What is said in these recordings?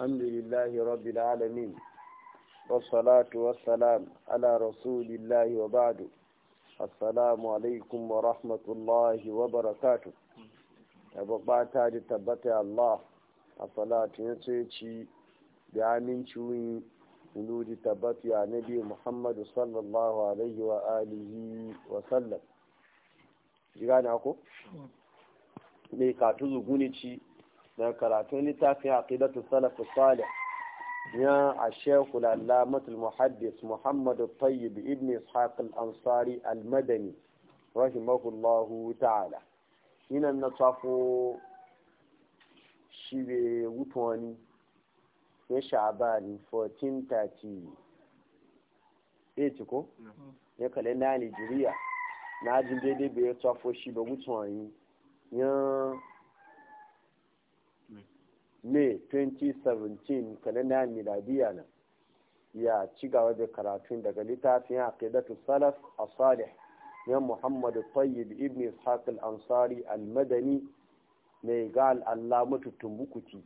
alhamdulillahi rabbi la alamin wa salatu ala rasulillahi wa ba'du assalamu alaikum wa rahmatullahi wa barakatu ya bukata da tabbata Allah a salatu ya ce ci da aminci wuyi inu da tabbata ya nabi muhammadu sallallahu alaihi wa wa sallam jira na ku? mai katu zugu ne ci da karatun littafin aqidatu salafu salih ya a shekul allamatul muhaddis muhammadu tayyib ibn ishaq al-ansari al-madani rahimahullahu ta'ala ina na tsafo shi be wutoni ya sha'abani eh ko ya kalenda nigeria na ajin daidai bai tsafo shi be wutoni ya may 2017 kalenda miladiya nan ya ci gaba da karatun daga littafin aqidatu salaf a salih ya muhammadu tayyib ibn ishaq al-ansari al-madani mai gal allah mututtun bukuti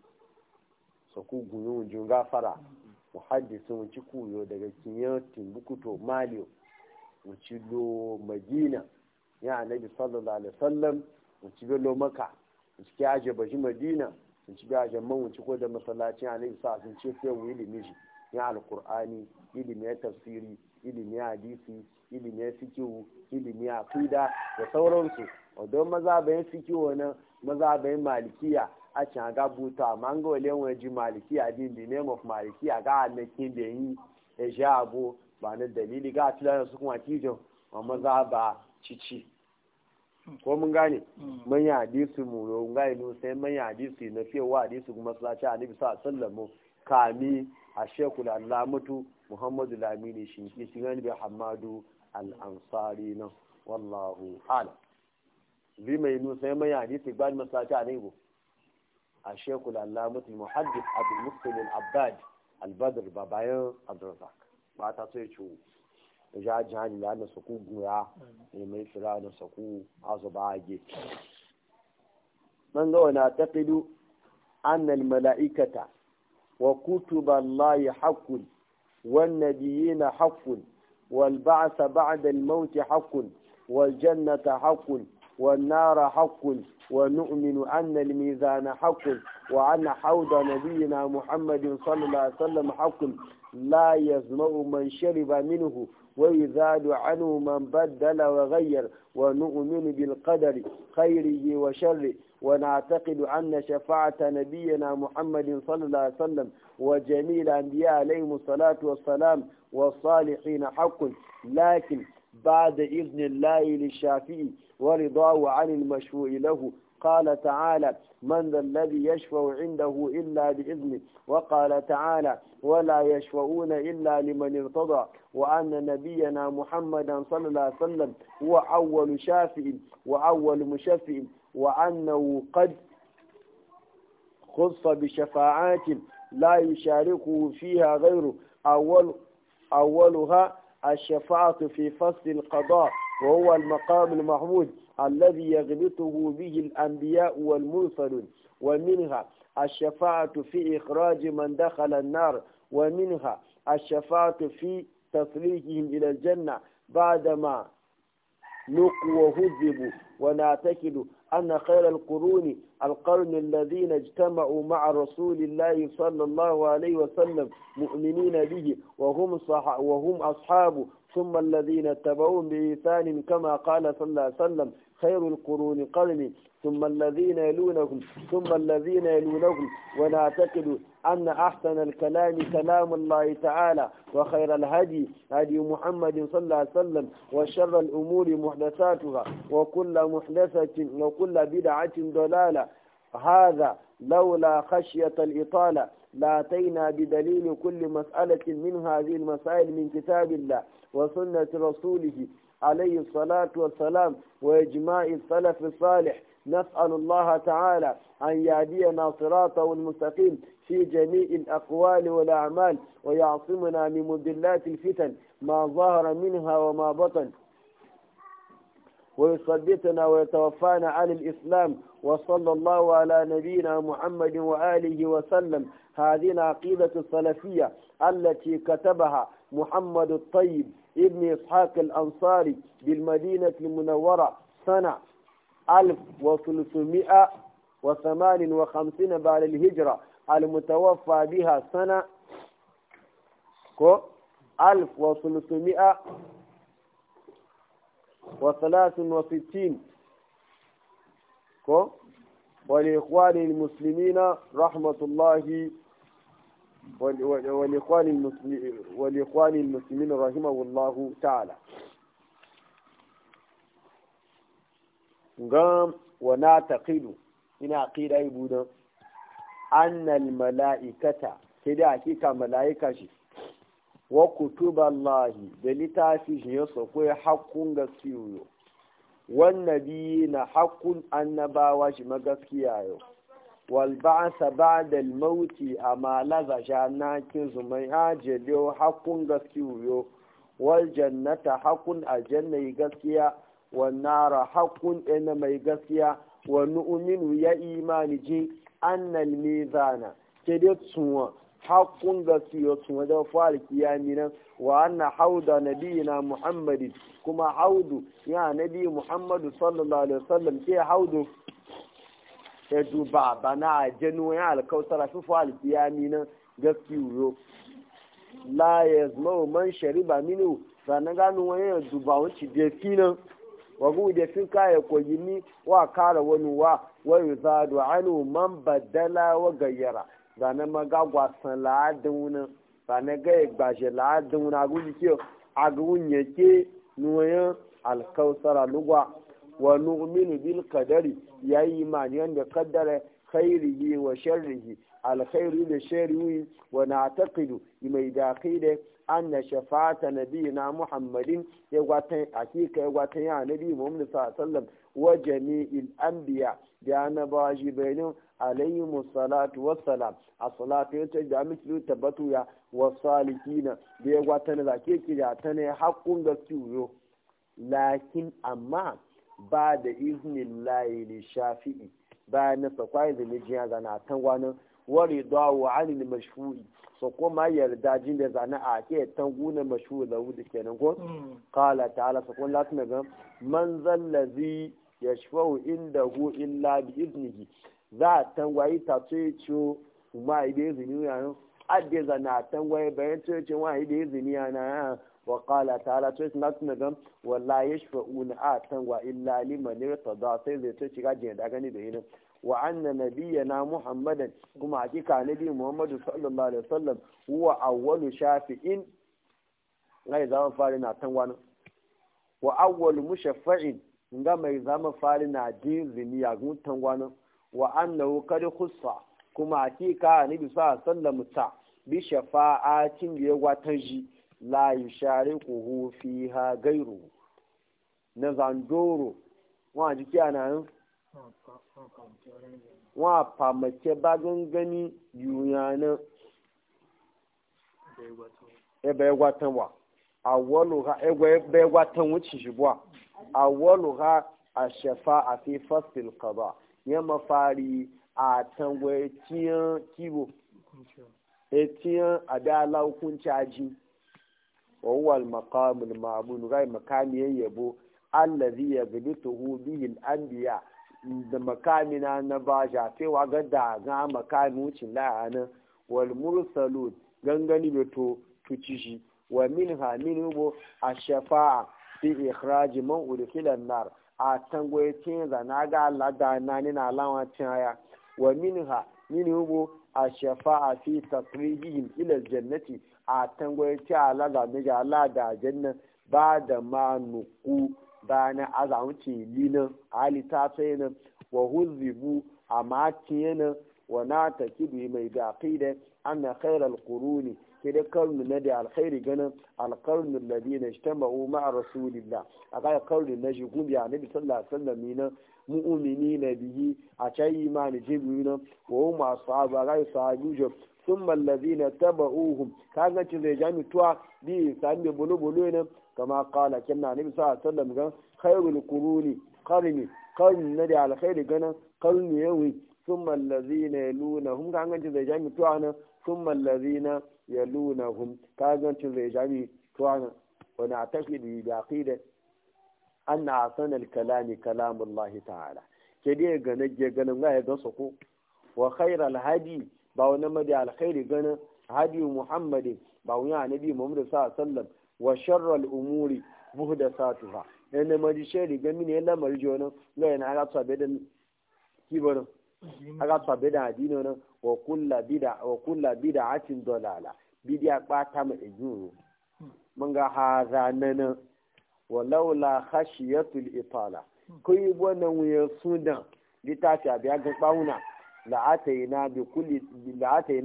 su ku guyu jun gafara muhaddisin ci kuyo daga kinyar timbukuto maliyo wuci lo madina ya annabi sallallahu alaihi wasallam wuci lo maka wuci kyaje baji madina in ci biya jamman wuce ko da a alaihi sa sun ce sai ilimi ji ya alkur'ani ilimi ya tafsiri ilimi ya hadisi ilimi ya ilimi ya da sauransu wadon maza bayan Sikiwu na maza bayan malikiya a can ga buta amma ga wale wani ji malikiya din the name of malikiya ga da yi ya sha abu ba na dalili ga tilayen su kuma kijin amma za ba cici Hmm. ko mun gane hmm. manyan hadisi mu mun gane ne sai manyan hadisi na fiye wa hadisi kuma masallaci annabi sa sallamu kami a shekul allamatu muhammadu lamini shi ke shi gani bai hamadu al'ansari na wallahu ala bi mai nu sai manyan hadisi ba masallaci annabi a shekul allamatu muhaddis abdul muslim al-abbad al-badr babayan abdurrazak ba ta sai ciwo ja jihani da na saku gura ne mai tsira da suku azuba age man ga wana taqidu anna al malaikata wa kutuba allahi haqqun wan nabiyina haqqun wal ba'sa ba'da al maut haqqun wal jannata haqqun wan nara haqqun wa nu'minu anna al mizana haqqun wa anna hawda nabiyina muhammadin sallallahu alaihi wasallam haqqun la yazma'u man shariba minhu ويذاد عنه من بدل وغير ونؤمن بالقدر خيره وشره ونعتقد أن شفاعة نبينا محمد صلى الله عليه وسلم وجميع الأنبياء عليهم الصلاة والسلام والصالحين حق لكن بعد إذن الله للشافعي ورضاه عن المشفوع له قال تعالى من ذا الذي يشفع عنده إلا بإذنه وقال تعالى ولا يشفعون إلا لمن ارتضى وأن نبينا محمدا صلى الله عليه وسلم هو أول شافع وأول مشفع وأنه قد خص بشفاعات لا يشاركه فيها غيره أول أولها الشفاعة في فصل القضاء وهو المقام المحمود الذي يغلطه به الأنبياء والمرسلون ومنها الشفاعة في إخراج من دخل النار ومنها الشفاعة في تسليكهم إلى الجنة بعدما لقوا وهذبوا ونعتقد أن خير القرون القرن الذين اجتمعوا مع رسول الله صلى الله عليه وسلم مؤمنين به وهم, صح وهم أصحابه ثم الذين اتبعوهم بإيثان كما قال صلى الله عليه وسلم خير القرون قرني ثم الذين يلونهم ثم الذين يلونهم ونعتقد أن أحسن الكلام كلام الله تعالى وخير الهدي هدي محمد صلى الله عليه وسلم وشر الأمور محدثاتها وكل محدثة وكل بدعة ضلالة هذا لولا خشية الإطالة لاتينا بدليل كل مسألة من هذه المسائل من كتاب الله وسنة رسوله عليه الصلاة والسلام وإجماع السلف الصالح نسأل الله تعالى أن يهدينا صراطه المستقيم في جميع الأقوال والأعمال ويعصمنا من مدلات الفتن ما ظهر منها وما بطن ويصدقنا ويتوفانا على الإسلام وصلى الله على نبينا محمد وآله وسلم هذه العقيدة السلفية التي كتبها محمد الطيب ابن إسحاق الأنصاري بالمدينة المنورة سنة 1358 بعد الهجرة المتوفى بها سنة 1363 ولإخوان المسلمين رحمة الله ولإخوان المسلمين رحمه الله تعالى قام ونعتقد إن عقيدة يبودا أن الملائكة كده حقيقة ملائكة شي وكتب الله دلتا في بلتاسي يصفوا حق غسيو والنبيين حق النباوة مغسكيا يو walba'asa ba'dal mauti amma la zasha na kin zumai ajali hakun gaskiyo wal jannata hakun aljanna gaskiya wan nara hakun ina mai gaskiya wani nu'minu ya imani ji annal mizana ke da tsuwa hakun ga tsuwa tsuwa da fara kiyami nan wa anna hauda nabiyina muhammadin kuma haudu ya nabi muhammadu sallallahu alaihi wasallam ke haudu ya duba bana a jenu ya alkautara fufu alfiyami nan la ya zama man shariba minu sannan gano wani ya duba wanci defi nan wagu defin kaya ni wa kara wani wa wani zado anu man badala wa gayyara sannan maga gwasan la'adin wunan sannan ga gbashe la'adin wunan agu nuwayen alkautara lugwa wa nu'minu bil qadari yayi imani wanda kaddara khairihi wa sharrihi khairu da sharri wa na'taqidu mai da qide anna shafa'ata nabiyina muhammadin ya gwata hakika ya gwata ya nabi muhammad sallallahu alaihi wasallam wa jami'il anbiya da annabawa jibril alayhi salatu wassalam a salatu ya ce da mislu tabbatu ya wa salikina da ya gwata na zake ki da ta ne hakkun gaskiyo lakin amma ba da iznin layi ne shafi'i ba na sakwai da mijiya zana tan wani wari dawo anil mashhuri so kuma yarda jin da zana a ke tan na mashhuri da wudu kenan ko qala mm. ta'ala so kun latin ga man zallazi yashfau hu illa bi iznihi za tan wayi ta ce ciyo kuma ibe izini yana adde zana tan wayi bayan ce ce wa ibe izini yana wa ta ta'ala to na tuna gam wala yashfa'una atan wa illa liman irtada sai zai ta shiga jin da gani da yinin wa anna nabiyyana muhammadan kuma hakika nabi muhammadu sallallahu alaihi wasallam huwa awwalu shafi'in ngai zama fari na tan wani wa awwalu mushaffa'in nga mai zama fari na din ziniya gun tan wani wa annahu qad khussa kuma hakika nabi sallallahu alaihi wasallam ta bi shafa'atin yawa tanji la fi ha gairu na zandoro wọn àti kí àná ń wọn àpàmọ̀tẹ́ ba gangani yùnyànà ẹbẹ̀ ẹgwa tán wà àwọlùha ẹgbẹ̀ e ẹgwa tán wọn ti ṣubú à àwọlùha àṣẹfà àfi fọ́sìl ya mafari a fari àtàwọn etíyàn etiyan etíyàn àbí aláwọ̀kùn chájí. wa وهو المقام المعمول makami yayyabo allazi الذي bihi al anbiya da makamina na ba jafewa ga da ga makami wucin la'ana wal mursalun gangani da to tuci shi wa min ha min hubo a shafa'a fi ikhraj man udkhilan nar a tangoye zana ga Allah da na ni na lawa aya wa min ha min hubo a shafa'a fi tasrihihim ila jannati a tangwai ci ala ga mi ala da janna ba da ma nuku ba na azamu ce linan ali ta nan wa huzibu a makiye nan wa na ta kibi mai da aqida anna ne quruni kida karnu na da alkhairi ganin alkarnu ta ma'u ma'a rasulillah aka karnu na shi gumbi a sallallahu alaihi wasallam mu'mini na biyi a cai imani jibril nan wa hum ashabu ga sahabu sun mallazi na taba uhun kaga cin zai jami tuwa bi sami da bolo bolo ne kama kala kina nabi sa sallam gan khairul quruni qarni qarni na da alkhairi gana qarni yawi sun mallazi na yalunahum kaga cin zai jami tuwa ne sun mallazi na yalunahum kaga cin zai jami tuwa ne wani a tafi da aqida an na asanar kalami kalamullahi ta'ala ke dai ga nage ganin ga ya ga sako wa khairal hadi ba wani madi alkhairi ganin hadiyu muhammadin ba wani annabi muhammadu sa sallam wa sharral umuri muhdasatuha da madi shari gami ne lamar jona ga yana aga tsabe da kibarin aga tsabe da adino nan wa kulla bida wa kulla bid'atin dalala bidiya kwata ma ejuru mun ga haza nan walaula khashiyatul itala kai wannan wuyan sudan litafi abiya ga bauna la'atai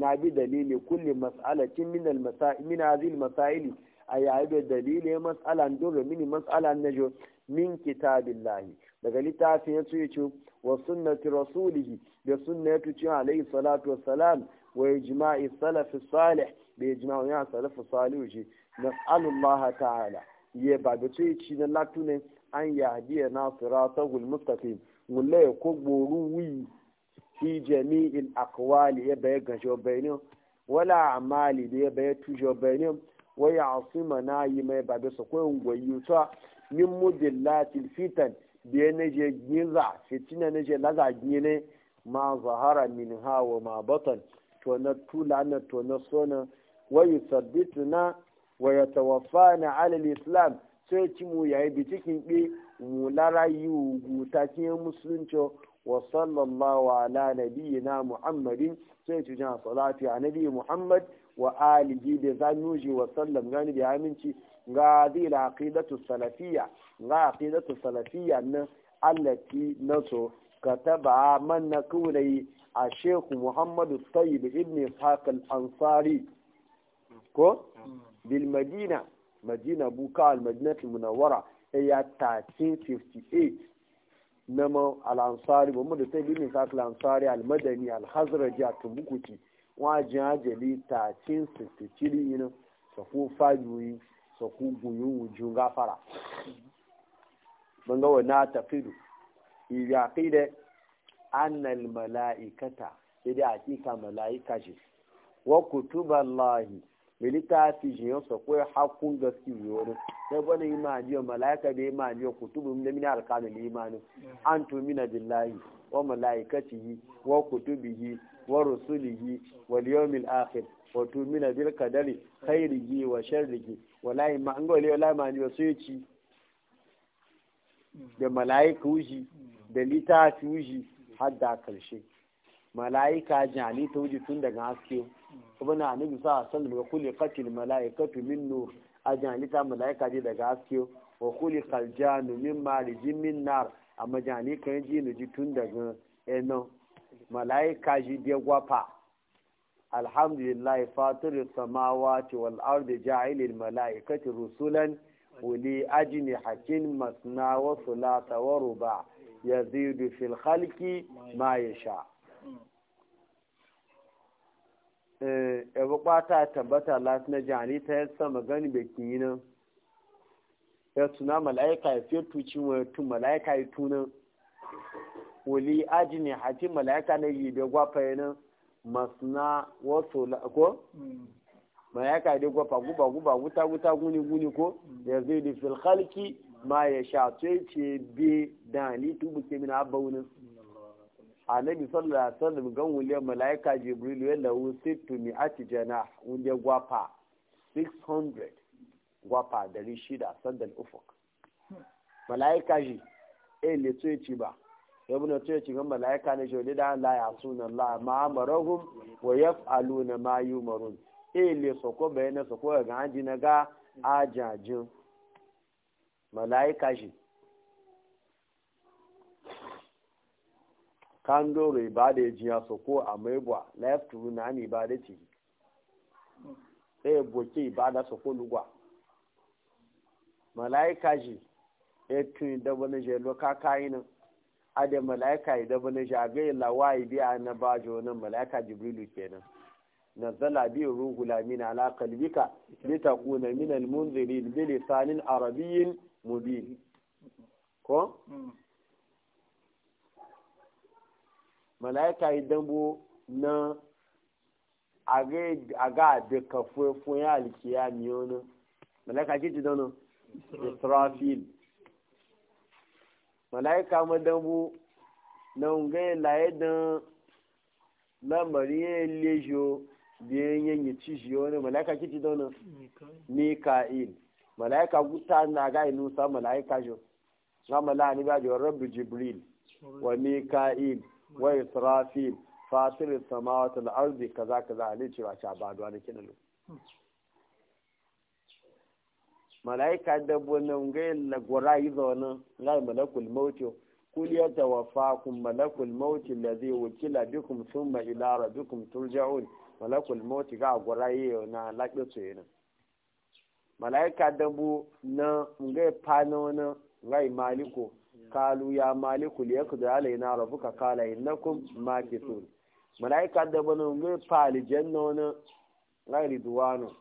na bi dalilin kulle matsalacin minal masa'ili masa'ili a yayi da dalilin matsalan duru mini matsalan najo min kitabin lahi daga littafin ya ce ce wa sunnati rasulihi da sunna ya tuce salatu wa salam wa ijma'i salafi salih bi ijma'i ya salafi salih ji nas'alullah ta'ala ye ba da na latunan an yahdiya na siratahul mustaqim mulla ya ko gboru fi jami'il akwali ya bai gajo wala amali da ya bai tujo benin waya asima na yi mai ba bisa kwayon gwayyuta min mudillatil fitan da ya naje ginza fitina je laza gine ma zahara min hawa ma batan to na tula na to sona wayu sabbitu na waya tawafa na alal islam sai ci mu yayi bi cikin bi mu lara yi guta cikin musulunci wasallan wani wani na nadia muhammadin sai ci jihar salatu a nadiyar muhammad wa alihi da zayin wajen wasallan yanadi aminci ga zai yi a ka'idatu ga a ka'idatu salafiya na allahci nasu. katabarar manan a shekhu muhammadu sayidu ibni haqan ansari ko bilmadina majina bukawar majinis da munawara ya yi nama al'ansari ba mu da sai limin sa al'ansari al-madani al-hazraji a tumbukuti wajen ajali 1363 yinin safu fayoyi safu guyun wujun gafara bangawa na tafidu iya kide annal mala'ikata sai dai hakika mala'ika ce wa kutuballahi mai littafi shi yau sa kawai hakun gaske yoro sai gwada imani wa mala'ika da imani wa kutubu min min alqanul imani an tumina billahi wa malaikatihi wa kutubihi wa rusulihi wal yawmil akhir wa tumina bil qadari khairihi wa sharrihi wallahi ma an gole wallahi ma ni wa sai ci da mala'ika wuji da littafi wuji har da karshe mala'ika jin ta wuji tun daga haske kuma na annabi sa san wa kuli qatil mala'ikatu min nur a jin ta mala'ika ji daga haske wa kulli qaljanu min marijin min nar amma kan ji ya ji tun daga eno mala'ika ji biya gwafa alhamdulillah fatir samawati wal ardi ja'ilil mala'ikati rusulan uli ajnihatin masna wa thulatha wa ruba yazidu fil khalqi ma yasha' ya eh, bukata tabbata lati na jani ta yadda sama gani bai kiyi nan ya tuna mala'ika ya fiye tuci wa tun mala'ika ya tunan wali aji ne hati mala'ika na yi da gwafa ya nan na wasu ko mala'ika ya da gwafa guba guba guta guta guni guni ko ya zai da filhalki ma ya sha ce bi da tubu ke mina abba wunin annabi sallallahu alaihi wasallam gan wuliyar malaika jibril ya lahu sittu mi'ati janah wuliyar gwapa 600 gwapa 600 sandal ufuk malaika ji eh le tsoye yace ba ya buna tsoye yace gan malaika ne jodi da Allah ya sunan Allah ma amarahum wa yaf'aluna ma yumarun eh le soko bayana soko ga anji na ga ajajin malaika ji kan doro ibada ya jiya so ko a na ya to na ni ibada ce ɗaya boke ibada so ko lugwa malaika ji ya e, tun da na jelo kaka yi nan da malaika yi da wani je lawai biya na bajo wannan malaika jibrilu kenan zala biyu ruhu lamin ala qalbika kuna min almunzirin bi lisanin arabiyyin mubin ko mm. malaika yi dambo na aga da kafuwa fun ya alkiya miyo na malaika ke ci dano israfil malaika ma dambo na ungaye laye don lamari ya lejo biyan yanyi ci shi wani malaika ke ci dano mika'il malaika guta na ga inusa malaika jo na malani ba jiwon rabbi jibril wa mika'il Wai wa samawata da samawati ka za kaza kaza a cewa ci abaduwa da nake nan malaika dabbonin ga la yi zona lai malakul da wafa kun malakul zai wakila wukila bikum thumma ila rabbikum turja'un malakul mauti ga gorayi na labe su yana malaika dabbo na ngai fana na ngai maliko kalu ya maliku liya ku da alayi na rafuka kala innakum makitun malaika da bana ngai pali janna wani gairi duwano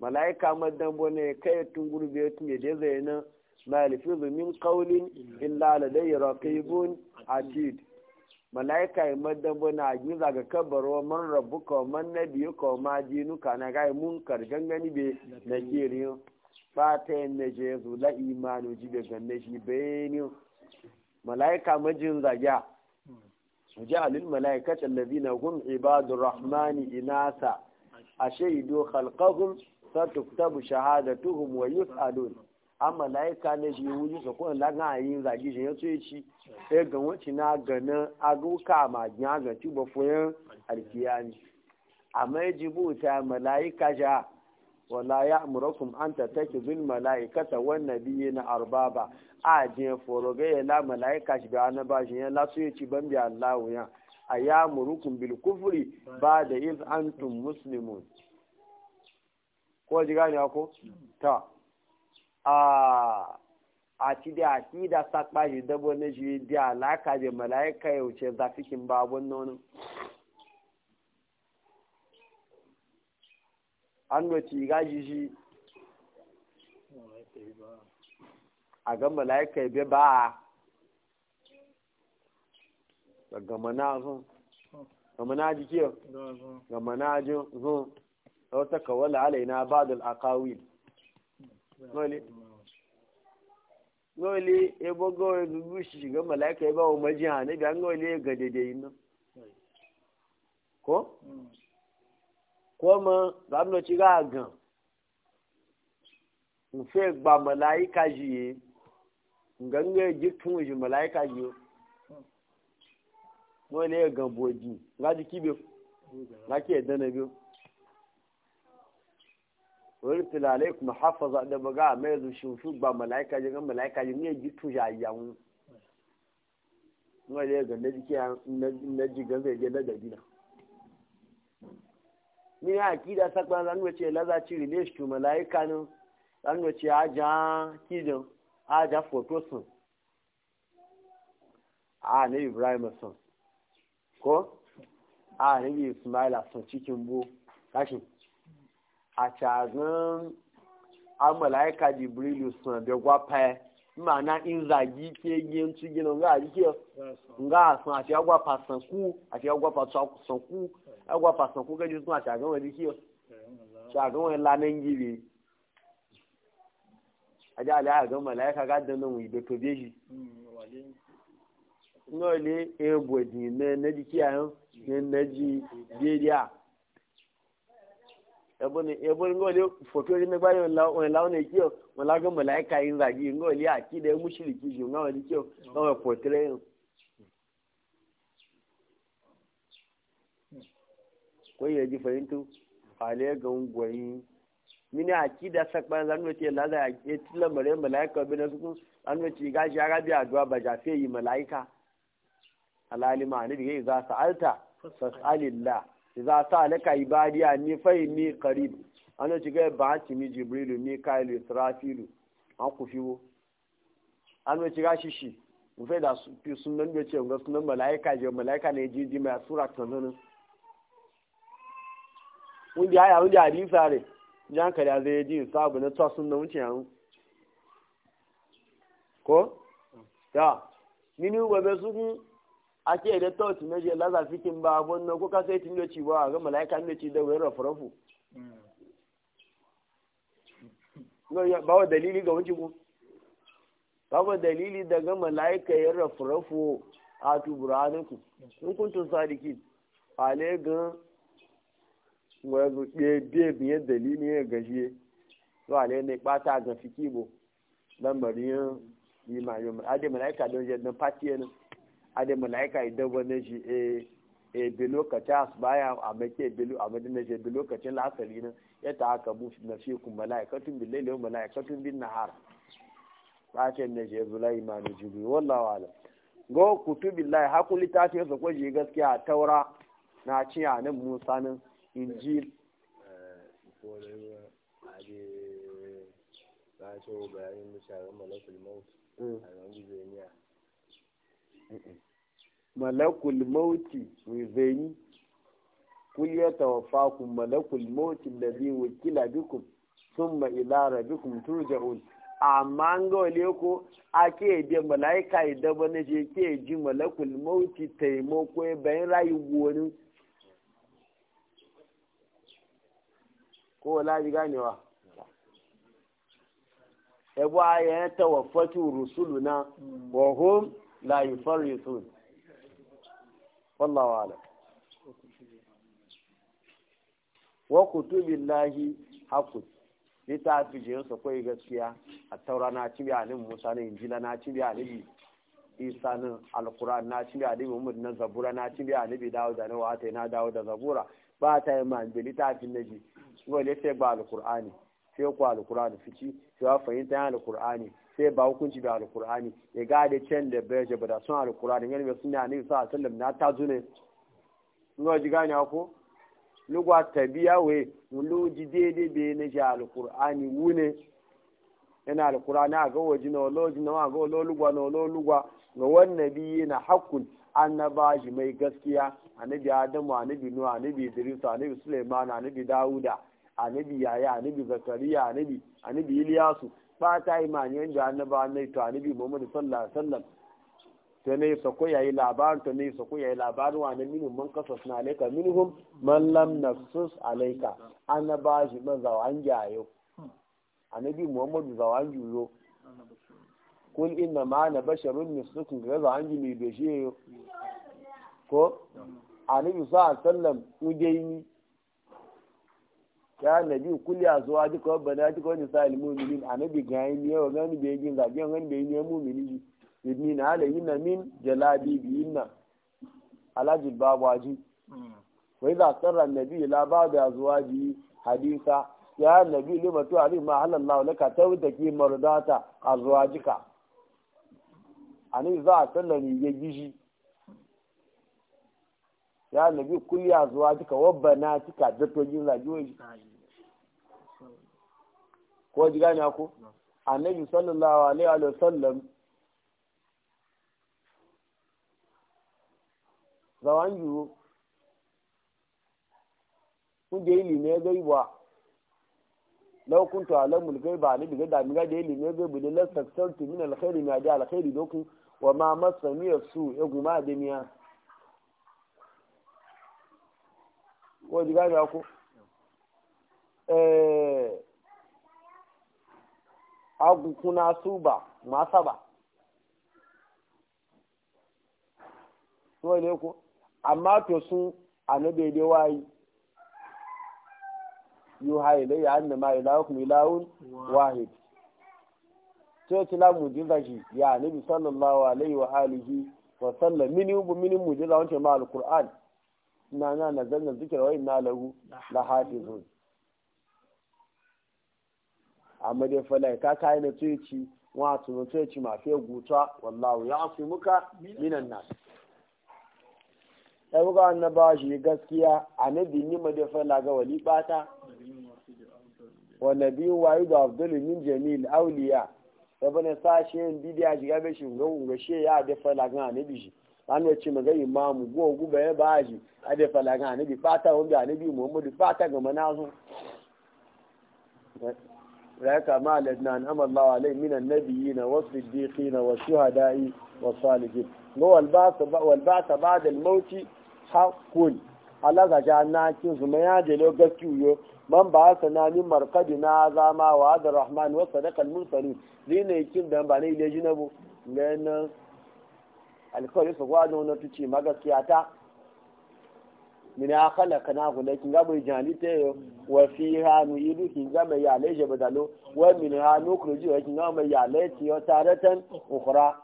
malaika madan bane kai tun gurbe tun da zai na ma yalfizu min qawlin illa ladayhi raqibun atid malaika madan bane giza zaga kabaro man rabbuka man nabiyuka ma dinuka na gai mun kar gangani be na yin na je zo la imanu ji da ganne shi bayani malaika majin zagya malaika malaikata na gun ibadur rahmani inasa ta bu shahada shahadatuhum wa yus'alun amma malaika na ji wuji su kun la a yin zagi yanzu ya ci ya ga wanci na ganin aguka ma nya ga tubo foyan alkiyani mai jibuta malaika ja wala ya amurakum an ta take zun mala'ikata wani biyu na arbaba a je foroge ya la mala'ika shi ga na ba shi ya lasu ya ci ban biya allahu ya a ya amurukum bil ba da iz antum muslimun ko ji gani ko ta a a ci da sakpa shi dabo na shi da alaka da mala'ika ya wuce zafikin babun nonon an wace gaji shi a ga mala'ika ibe ba a gamana mana gamana ji mana jiki ga mana jin wata kawala alaina ba da al'akawil noli N'oli ya bugawa ya zuzu shi shiga mala'ika ya ba wa majiya biya n'oli nole ga daidai nan ko? Hmm. ko ma zamno ci ga gan in fe gba malaika jiye nganga ji tun ji malaika jiye mo le gan boji ga ji kibe ga ke dana biyo wani tilalai kuma hafaza da baga a mai zuci su ba malaika jirgin malaika jirgin ya ji tuja yawon wani ya ga na jikin na jigan zai je na dabina min akida sakpa zan wace laza ci relation to malaika nan zan wace aja kidin aja photo sun a ne ibrahim sun ko a ne ismaila sun cikin bo kashin a cazin an malaika jibrilu sun abegwa ma'ana in zagi ke gentu gina nga a jike nga sun a ti agwa fasanku a ti agwa fasanku agwa fasanku gaji sun a ti agan wani kiyo ti agan wani lanan gibe a ji ala agan malaika gadda nan wani da tobe shi nole ebo eh, di na na jike a yan na ji daidai yabo ngo le foto ri ne bayo la on la on e on la go malaika yin zagi ngo le de e kio ko ye ji ale e e ga ngwai mini da sakban zan wace la da mare malaika an ga shi ga biya ba ja fe yi malaika alalima da ga fas'alillah za sa alaka ibadiya ni fai ni karib ana shiga ba ci mi jibrilu mi kailu israfilu an ku fiwo an wace gashi shi mu fai da su fi sunan da ce ga sunan malaika je malaika ne jiji mai sura tanzanin wanda ya yawon da hadisa ne jan kada zai ji sabu na tsa sunan wuce yawon ko da nini gobe su kun ake da tausi na je laza fikin ba abun nan ko ka sai tun yoci ba ga malaika ne ci da wayar rafrafu hmm. ba wa dalili ga wuce ba wa dalili daga malaika ya rafrafu a tuburanuku in kuntun sadiki ale gan wayar zuɓe biye biye dalili ya gajiye zuwa ne ne ɓata ga fikibo lambarin yi ma yi ma ade malaika don je don nan ade mala'ika idan wani shi e bi lokacin baya a make bilu a madina je bi lokacin la'asari nan ya ta haka bu na fi kun mala'ikatun bin laili wa mala'ikatun bin nahar ce na je zula imanu jibi wallawa ala go kutu billahi ta ce sa ko je gaskiya taura na ci a nan musa nan injil bayan bayanin mutane malakul maut a yanzu zai malakul mauti wizaini kul ya ku malakul mauti allazi wukila bikum thumma ila rabbikum turja'un amma an ga wale ko ake je malaika idan ba na je ke ji malakul mauti taimako bayan rayu wani ko wala ji ganewa ebo ayan tawaffatu rusuluna na hum la yufarrisun wallahu na wa kutubillahi haqqun littafi jiyar su kai gaskiya a taura na cibi alim musa na injila na cibi alibi isa na alkura na cibi alibi muhammad na zabura na cibi alibi dawo da na wata na dawo da zabura ba ta yi ma bi littafin naji wale sai ba alqurani sai ku alqurani fici wa fahimta alqurani sai ba hukunci da alkur'ani ya da can da bai ba da sun alkur'ani yana mai annabi sallallahu alaihi wasallam na ta ne ruwa ji gane ko lugwa tabiya we mulu ji dede be ne ji alkur'ani wune yana alkur'ani a ga waje na walo ji na wa ga walo lugwa na walo lugwa ga wannabi biyi na hakkun annaba shi mai gaskiya annabi adamu annabi nuwa annabi idris annabi sulaiman annabi dawuda annabi yaya annabi zakariya annabi annabi iliyasu fata imaniyan da annaba ba to annabi Muhammad sallallahu alaihi wasallam ta ne sa ko yayi labarin ta ne sa ko yayi labarin wa nan minhum man qasasna alayka minhum man lam naqsus alayka annaba shi man zawan jayo annabi Muhammad zawan juyo kul inna ma ana basharun mislukum ga zawan ji mai beshe ko annabi sallallahu alaihi wasallam ujeyi ya nabi kulli azwa ji ko bana ji ko ni sa'il mu'minin anabi ga yin ne wa gani be yin zabi gani be yin mu'minin ibni na alayhi yin min jalabi bi inna alaji babaji wa idza sarra an-nabi la ba'da azwaji hadisa ya nabi lima tu ali ma halallahu laka tawdaki mardata azwajika ani za sallani ya gishi ya nabi kulli zuwa duka wabbana duka dattogin rajiyoyi ko ji gani ku annabi sallallahu alaihi wa sallam zawan yiwu kunje ilimi ne zai wa laukun to alamul gai ba ni daga damiga da ilimi ne zai bude lasar sarti min alkhairi na da alkhairi dokun wa ma masamiya su ya guma da miya ko ji gane ku agukuna suba ma saba ne ku amma to sun ana annabi dai wayi yuha ilayya annama ilahukum ilahun wahid sai ci la mujiza shi ya annabi sallallahu alaihi wa halihi wa sallam mini ubu mini mujiza wancan ma alquran na na zanga zikira wa inna lahu la hafizun amma dai lai ka kai na tuci wa tuno tuci ma fe guta wallahu ya'simuka minan nas ai buga annaba shi gaskiya annabi ni ma dai la ga wali bata wa nabi wa yudu abdul min jamil awliya sabana sashe bidiya shiga be shi ngon ngashe ya dai la ga annabi shi wani wacce maga imamu go guba ya baji ade falaga bi fata wanda bi muhammadu fata ga manazo raka ma ladna an amalla alai min annabiyina wasiddiqina washuhada'i wasalihin go walbasa walbasa ba'da almauti haqqun Allah ga janna ki zuma ya je lo gaskiyo man ba sana min na zama wa da rahman wa sadaqa al mursalin dine kin dan ba ne ile jinabu ganin alkawari su da wani tuce magaskiya ta min ya halaka na hula kin ga bai jani ta yo wa fi ha nu idu kin ga mai yale je badalo wa min ha nu kruji wa kin ga mai yale ti yo taratan ukhra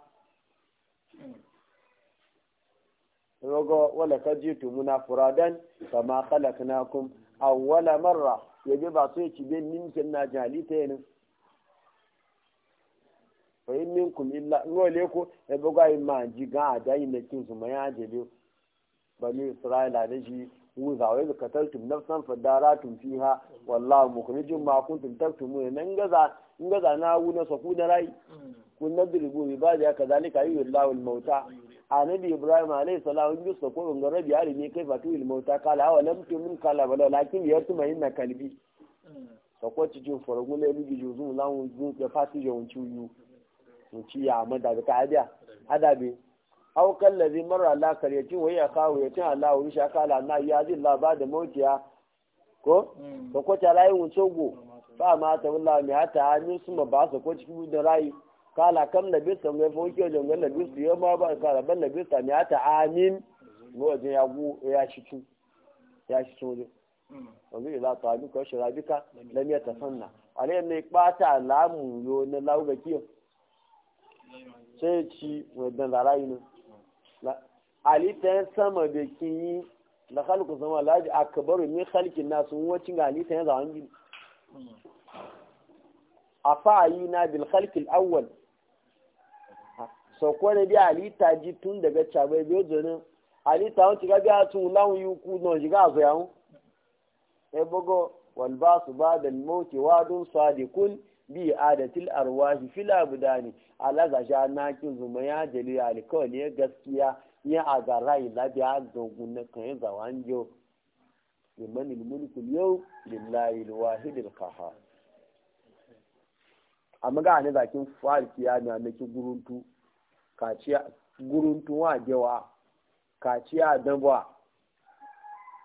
rogo wala kajitu muna furadan kama khalaqnakum awwala marra yaje ba so ci bin nin kin na jali ta yin fẹ̀yìn minkum illa ńgọ́ ilé kó ẹgbẹ́ gbá yìí máa jí gan àjá yìí lẹ́kí zùmọ̀ yẹn àjẹlé isra'ila israẹli àdéjì wuza wa yanzu kataltum nafsan fadaratum fiha wallahu jin ma kuntum taktumun nan gaza in gaza na wu na saku na rai kun nadribu bi ba'da kadhalika yuhillahu al-mauta annabi ibrahim alayhi salam in yusa ko ga rabi ari ne kai fatu il mauta kala wa lam tumin kala bala lakin ya tuma inna kalbi sako ci jin fargule ni giju zun lan zun ke fati jawun ciyu ci ya amanta da ka hadiya adabi aw kallazi marra ala karyatin wa ya kawo ya tin Allah wuri shaka kala na ya zin la ba da mautiya ko mm. ko ko ta rayi mun sogo ba ma ta wallahi mi hata amin ma ba su ko cikin da rayu kala kam na bisa mai ko da na bisa ya ma ba kala ban na bisa mi hata amin waje ya gu ya tu ya tu ne wani ila ta duka shirabika lam yatasanna alayyana ipata alamu yo na lauga kiyo sai ci wadda zara yi nan halittar sama da kinyi da halku sama laji a kabaru min halkin nasu wacin ga halittar ya zawon gini a fa'ayi na bil halkin awwal sọ̀kọ́ ni bí àlítà jí tún dẹ̀gẹ́ tsàgbẹ́ ibi ó ní àlítà biya tun ká bí atún na yìí kú náà yìí ká àzọ̀ yà wọn. ẹ bọ́gọ́ wàlúbà dún bi adatil arwahi fil abdani ala ga ja ki zuma ya jali alkawli ne gaskiya ya azara ila bi azogun ne kan zawanjo liman almulku yau lillahi alwahid qahar amma ga ne zakin farki ya na naki guruntu kaciya guruntu wa jewa kaciya danwa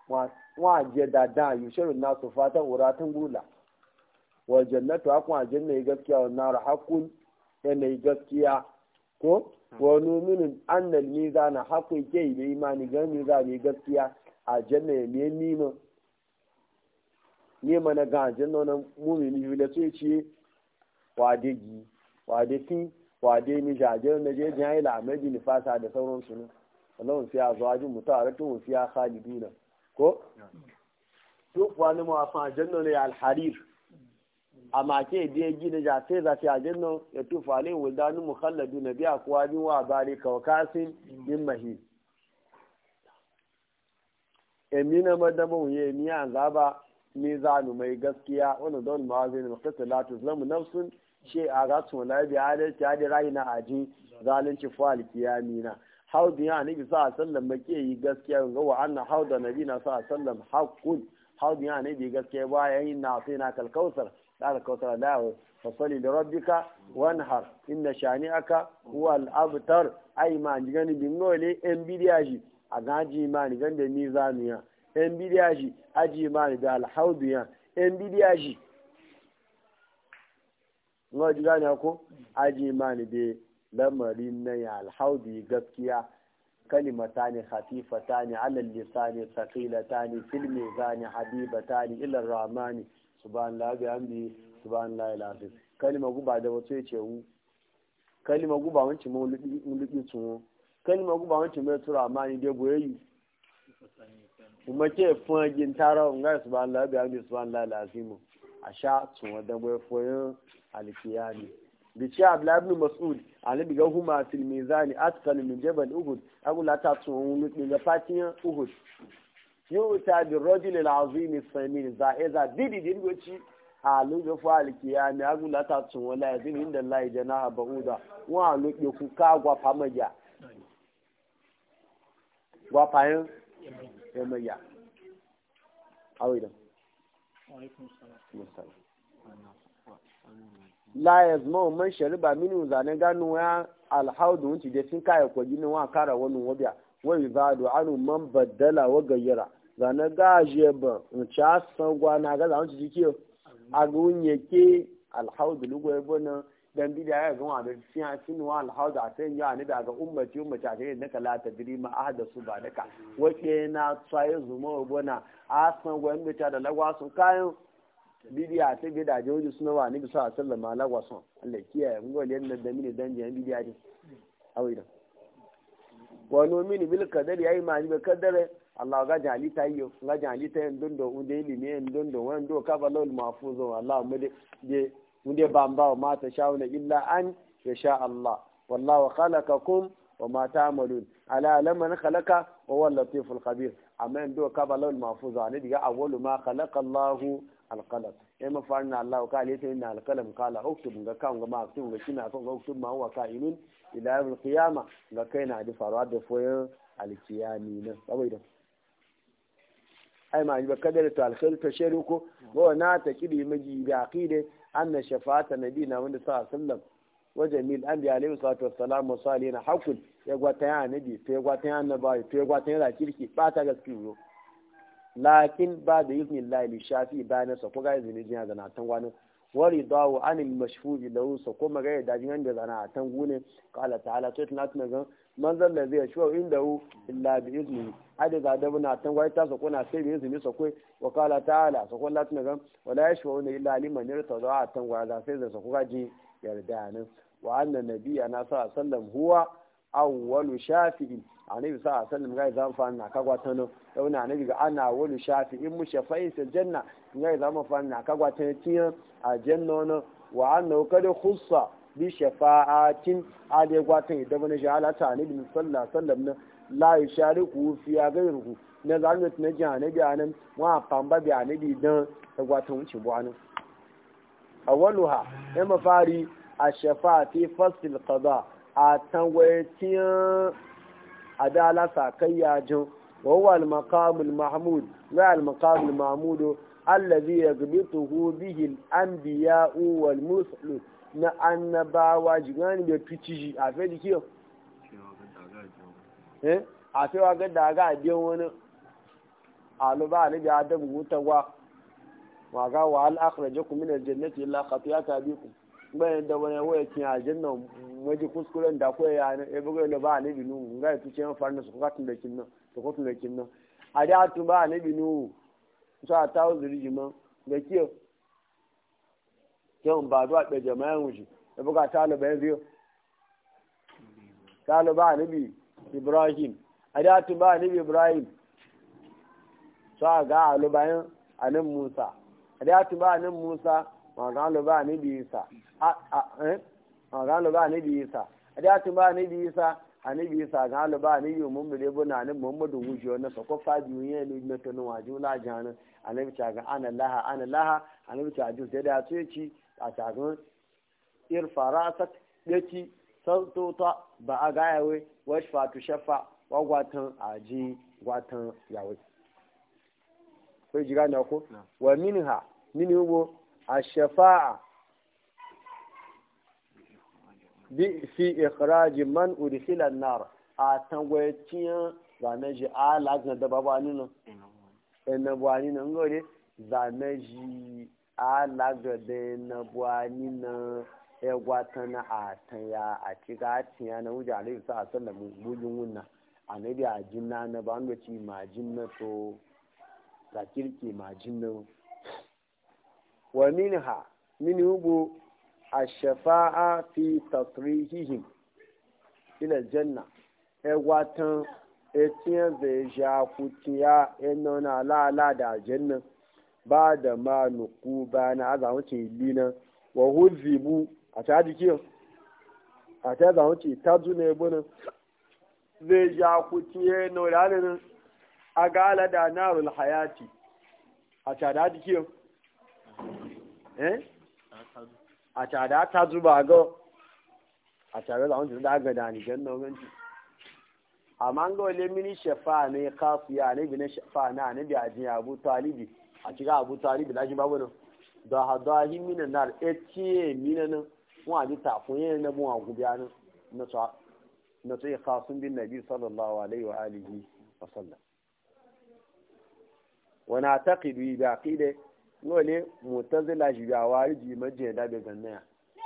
wa je dada yushiru nasu fatan uratan gula wa jannatu akun aljanna yi gaskiya wa ra hakun yana yi gaskiya ko hmm. wa nu'minu anna al na hakun ke bi imani ga mizani yi gaskiya aljanna ya ne nima ne mana ga aljanna wani mu'mini yi da yi ce wa gi wa fi wa de mi jajen na je jin ila ni nifasa da sauransu ne Allahun fiya zuwajin wani fiya khaliduna ko hmm. duk wani mawasan aljanna ne al-harir amma ke biya gina ja sai za ta ajin nan ya tufa da wuldanu mukhalladu na biya kuwa bin wa bari kawkasin min mahi emina madama wuye ni an zaba ni zanu mai gaskiya wannan don mawazin mukhtalatu zama nafsun she a ga tun la bi adalci adi rai na aji zalunci na alkiyamina haudu ya nabi sa sallam make yi gaskiya ga wa anna hauda nabi na sa sallam haqqun haudu ya nabi gaskiya bayan na sai na kalkausar Ka ta'alaka wata da'awar fasali da rabbika wani har inda shani aka wal a yi ma ji gani bingo ne yan bidiya shi a gaji ma ni gan da ni zanu ya yan bidiya shi aji ma ni da alhaudu ya yan bidiya shi nwa ji gani ako aji ma ni da lamarin na ya alhaudu gaskiya kalima ta ne khatifa ta ne alalisa ne tsakila ta ne filmi za ne habiba ta ne ilar ramani subhanallah bi hamdi subhanallah alazim kalima guba da wato yace wu kalima guba wancin mu lubi lubi tun kalima guba wancin mai tura amani da yi kuma ke fún ẹgbẹ́ ntara nga subhanallah bi hamdi subhanallah alazim a sha tun wadda boye foyin alkiyani bici abdullahi ibn mas'ud annabi ga huma fil mizani atqal min jabal uhud agula ta tun lubi ga fatiyan uhud yuta bi rajulil azim samir za iza didi din goci alu ga fa alkiya ne agu la ta tun wala yadin inda Allah janaha bauda wa alu ke ku ka gwa fa maja gwa fa yin ya maja awida la yazma man shariba minu zane gano ya alhaudu wuce da sun kaya kwaji ne wa kara wani wabiya wai za a man baddala wa gayyara zane gaje ba nci asan na ga zama ciki kiyo a ga ke alhaudu lugu ya bana dan ya ga a sin alhaudu a sai ya ne da ga ummati ummati a kai naka la ta diri ma ahda su ba wace na tsaye zuma bana asan gwan da lagwa sun kayan bidiya ta bi da suna wa ni sallama lagwa sun Allah kiyaye mun gole yanda da mini dan jiyan bidiya da wa nomini bil Allah ga jali ta yi ga jali ta yin dondo unde ilimi yin dondo wani do ka balo mafuzo Allah mu de unde bamba wa ma ta shauna illa an ya sha Allah wallahu khalaqakum wa ma ta'malun ala lamman khalaqa wa huwa latiful khabir amma do ka balo mafuzo ne diga awwalu ma khalaqa Allah alqalam ya ma farna Allah ka alita inna alqalam qala uktub ga kan ga ma uktub ga kina kan ga uktub ma huwa ka'inun ila yawm alqiyama ga kaina da faruwa da foyin alkiyami na saboda ai ma ba kadar ta alkhair ta sharu ko wa na ta kidi miji bi aqide anna shafa'ata na wanda sa sallam wa jamil anbiya alayhi salatu wassalamu salihin hakul ya gwata ya nabi to ya gwata ya nabi to ya gwata ya kirki ba ta gaskiyo lakin ba da yuzni lillahi shafi na sa ko ga izini jiya da na tan wani wa ridawu anil mashfu'i lahu sa ko magana da jin da zana tan gune qala ta'ala to tana tunan man zalla zai shuwa hu illa bi izni hadi ga da muna tan wai ta so kuna sai bi zumi so kai wa kala ta'ala so kullu tun ga wala ne illa liman yartada tan wa za sai da so kuka ji yarda nan wa anna nabiyya na sa sallam huwa awwalu shafi'i annabi sa sallam ga zan fa na kagwa tano wani annabi ga ana awwalu shafi'in mushafai fil janna ga zan fa na kagwa tano tiyan a janna no wa anna kada khussa bi shafa'atin ade tan da wani jahala ta annabi sallallahu alaihi wasallam la yushariku fi ghayrihi na zanga tuna ji anabi anan wa pamba bi anabi dan gwata wuce bu awaluha ya mafari a shafati fasil qada a tangwaitiyan adala sakayya jin wa al-maqam mahmud wa al-maqam mahmud allazi yaghbituhu bihi al-anbiya'u wal-mursalun na annabawa jigani da tuciji a fe dikiyo eh a sai wa gadda ga biyan wani aluba alibi adam gutawa ma ga wa al akhrajakum min al jannati illa qatiyata abikum bayan da wani waya kin aljanna waje kuskuren da ko ya ne e bugo da ba alibi nu ga tu ce farna su ka tun da kin nan to ko tun da kin nan a da tu ba alibi nu sa ta uzuri jima da kiyo kyan ba zuwa da jama'an wuce e buga talibai biyo talibai alibi ibrahim ada tu ba ni ibrahim sa ga alu bayan anan musa ada tu ba anan musa ma ga alu ba ni bi isa a eh ma ga alu ba ni bi isa ada isa ga alu ba ni yumun mu de buna ni muhammadu wujo na sako fadi yin ne na tonu waju la jana anabi ga ana laha ana laha anabi ta ju da da tuci a ta ga irfa rasak yaci saututa ba a gayawe wasu fatu shafa wa gwatan aji gwatan yawe kai ji gane ko wa minha mini hubo a shafaa bi fi ikhraji man udkhila an-nar a tangwetiyan ji ala zan da babu aninu ina bu aninu ngore zanaji ala ga da na bu aninu ya gwata na a tanya a cika tiya na wuce alaihi sa sallam bujin wunna annabi a jinna na ba wanda ci ma jinna to ta kirki ma jinna wa minha min hubu ash-shafa'a fi tasrihihim ila janna e gwatan e tiyan be ja kutiya e nona la la da janna ba da ma nuku ba na azamu ce lina wa huzibu a ta jiki a ta zama ce ta zuna ya bunin zai ya kuci ya yi nauranin a gala da narul hayati a ta da jiki eh a ta da ta zuba ga a ta da wancin da ga dani gan nauranci a ga wale mini shafa ne kafiya ne bi na shafa na ne bi a jin abu talibi a cika abu talibi da shi babu nan da hadahi minan nar etiye minan nan wọn àti tààfún yẹn na mú àwọn bí ánú na tó yẹ kásún bí nàbí sallallahu alaihi wa alihi wa sallam wani atakidu ibi akide wani mutazila shi ga wari ji majiya dabe gannaya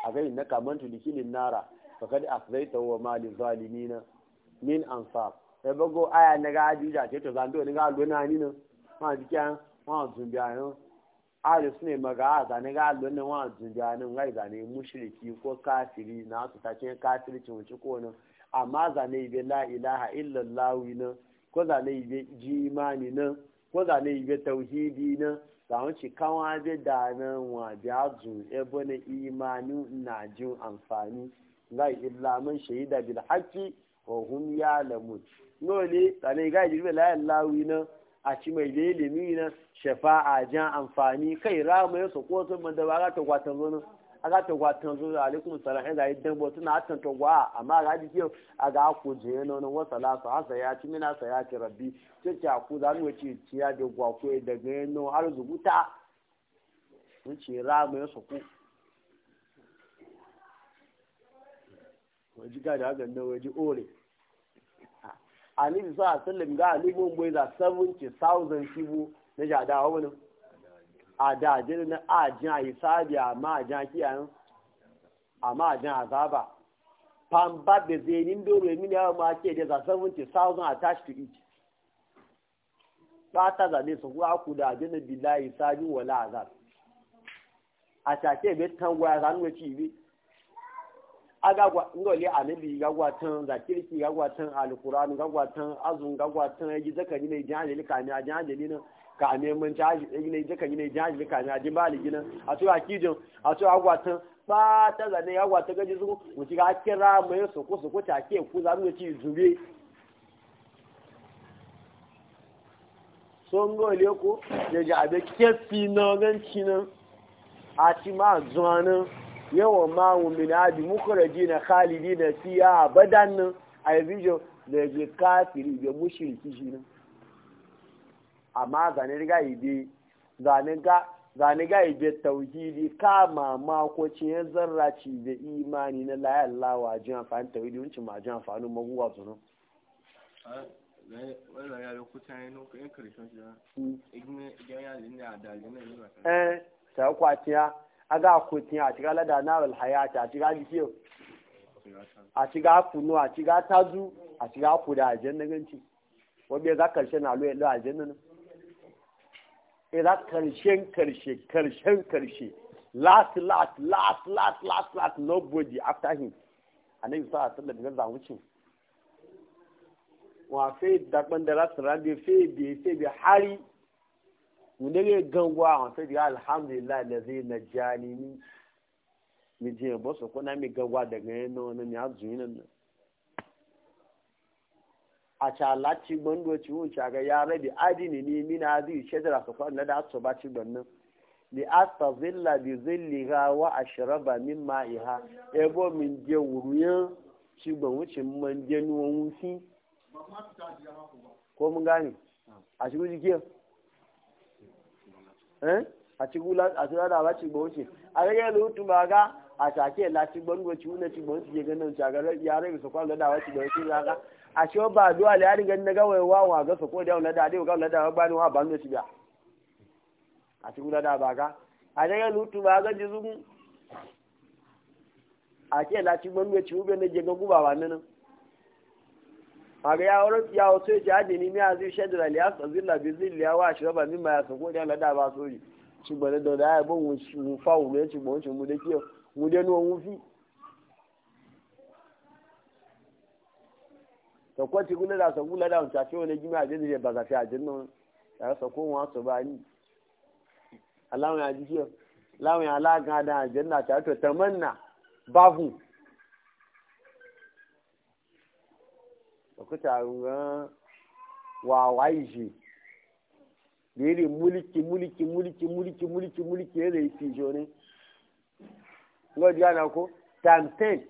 a kai na kamantu likilin nara fakad ta wa mali na min ansar sai bago aya na ga ajija ce to zando ni ga lona ni nan ma jikin ma zumbiya nan ahli sune maga a ah, zane ga allon nan wani zunjanin zane mushriki ko kafiri na su ta ce kafircin wuce ko nan amma zane ibe la ilaha illallahi nan ko zane ibe jimani nan ko zane ibe tauhidi nan zane ci kawa be da nan wa biya zu na imani na ji amfani gai illaman shaida bil haqqi wa hum ya'lamun nole zane ga ilaha illallahi a ci mai da ilimi na shafa'a jan amfani kai rama ya ko sun man ba ga gwatan zo a ga gwatan zo alaikum salam ya zai dan na atan amma ga ji kiyo a ga ku je na hasa ya ci mina sa ya ci rabbi ce ce ku za mu ci da gwa daga har zubuta annabi sa a sallam ga alimun bai za 70,000 shibu na jadawa wani a dajin na ajin a hisabi a ma'ajin a kiyayen a a zaba pan ba da zenin doro ya mini yawon da za 70,000 attached to each zane su kuwa ku da na bilayi sabi wala azar a take bai tangwaya zanuwa ci agagwa ga alibi gagwatan da kirki gagwatan alquran gagwatan azun gagwatan yi zaka ni ne jahili ka ni jahili ne ka ne mun jahili ne zaka ni ne ka gina a to akijo a to agwatan ba ta zane gagwatan gaji su mu ci ga kira mu su ku su ku ta ke ku za mu ci so ngole ko ya ja abe kefi na ganci nan a ma yawan ma'amu min adi mukuraji na khalidi na siya a badan nan a yanzu da ya kafiri da mushirki shi nan amma zane riga ibe zane ga ibe tauhidi ka ma ko ce ya zarra ci da imani na layan lawa jin amfani tauhidi wunci ma jin amfani maguwa su nan eh ta kwaciya aga akwati a ciga lada na alhayata a ciga jikiyo a ciga kuno a ciga tazu a ciga da a ganci naganci wabe za karshe na lo yalo a jan nan e za karshen karshe karshen karshe last last last last last last nobody after him sa sallallahu alaihi wasallam ga wucin wa fe da bandara sarabe fe be fe bi hari ne ga gangwa a wata biya alhamdulillah da zai na jani ni mi je bo so ko na mi gangwa daga yin no na mi azu yin nan a cha lati gbando ci won cha ga ya rabi adini ni mina zai azu shedra so fa na da su ba ci gbannan li astazilla bi ga wa ashraba min ma'iha ebo min je wuruyan ci gban wuce man je nuwan wufi ko mun gane ah. a cikin guji a eh? wúlá àti rárá àbá ti gbòó ṣe àgẹ́gẹ́ ló tún bá gá àtàkì ẹ̀la ti gbọ́ nígbà tí wúlẹ̀ ti gbòó ti yẹ gẹ́gẹ́ náà ṣàgẹ́rẹ́ yàrá ìsọ̀kọ́ lọ́dà àbá ti gbòó ṣe rárá àti ọba àdó àlẹ́ àrígẹ́ nígbà wọ́n àwọn àgọ́ sọ̀kọ́ ìdáhùn lọ́dà àdéhùn ká lọ́dà ọgbà ni wọ́n àbá ló ti bíà àti wúlá aga ya wurin ya wasu ya ji ni miya zai shaidu da liya sa zilla bi zilla wa shi raba min ma ya sa ko da lada ba so yi ci bane da da ya mu fa wu ne ci bon ci mu da kiyo mu da no mu fi to ko ti kula da sa kula da ta ce wani gimi a jinje ba za fi a jinno ya sa ko wa so ba ni Allah ya ji Allah ya laga da ta to tamanna kuta ran wa yi da muliki mulki mulki mulki mulki mulki mulki ya zai fi ne ko time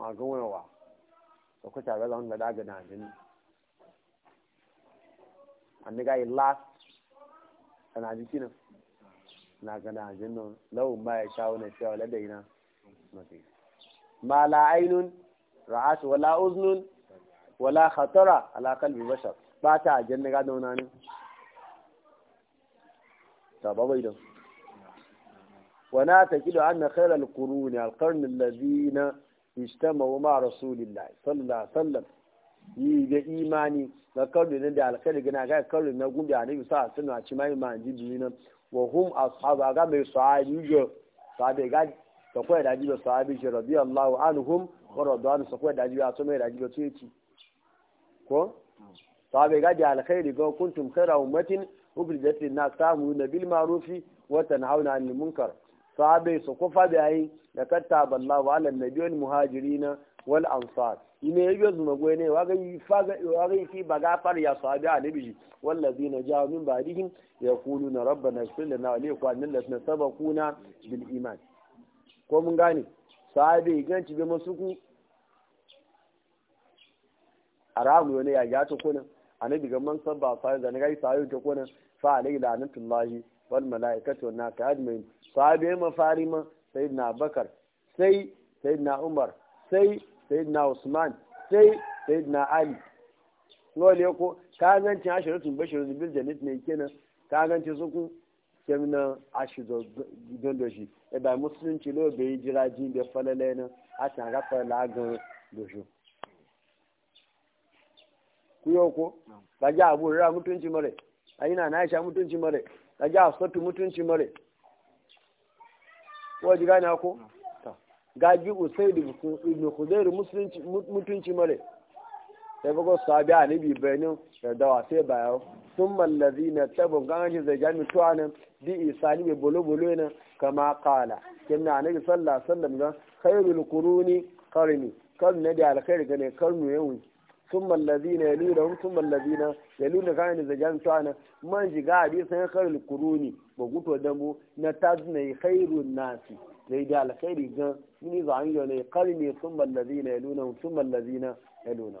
a ga wa da kuta ran zan gada ga nan an last ana jikinan na gana ajin nan lawan ma ya shawo na fiya wala daina ma la ainun ra'at wala uznun wala khatara ala kalbi bashar ba ta ajin ga dauna ne ta ba bai da wana ta kido anna khairal quruni alqarn alladhina ijtama'u ma rasulillahi sallallahu alaihi wasallam yi da imani na karni da alkhairi gina ga karni na gumbi a nabi sa sunna ci mai ma ji nan wa hum ashabu aga mai sahabi jo sahabi ga ta kwa da jibo sahabi jo radiyallahu anhum wa radwan sa kwa da jibo aso mai da jibo tuci ko sahabi ga da alkhairi ga kuntum khaira ummatin ubrijat lin na ta'muna bil ma'rufi wa tanhauna 'anil munkar sahabi su kufa da yi da Allahu muhajirina wal ansar ime yayo zuma goye ne wa gai faga wa gai fi baga far ya sahabi annabi wallazina ja'u min ba'dihim yaquluna rabbana ighfir lana wa li ikhwanina alladhina sabaquna bil iman ko mun gane sahabi ganci be masuku aramu ne ya ya to kuna annabi ga man sabba sai da ne gai sayo to kuna fa alayhi la'natullahi wal mala'ikatu wa nas ajmain sahabi mafarima sayyidina bakar sai sayyidina umar sai sayyidina usman sai sayyidina ali wale ko kagancin ashiratun bashirun bil jannat ne kenan kagancin su ku kemna ashizo dondo shi e ba musulunci lo be jiraji be falale na a tan ga falala gan ku kuyo ko kaja abu ra mutunci mare ayina na aisha mutunci mare kaja asatu mutunci mare ko jiga na ko gaji usai da ibn khuzair musulunci mutunci mare sai bago sabi anabi bayanin da dawa sai bayo sun mallazi na tabon ganin zai jami tuwa nan bi isani mai bolo-bolo nan kama kala kim na anabi sallah sallam ga khairul kuruni karni karni na da alkhairi gane karnu yawon sun mallazi na yalu da sun mallazi na yalu da ganin zai jami tuwa nan man ji ga bisa yin khairul kuruni ba da mu na tazinai khairun nasi zai da alkhairi gan ni za an yi ne karni sun mallazi na yaluna sun mallazi na yaluna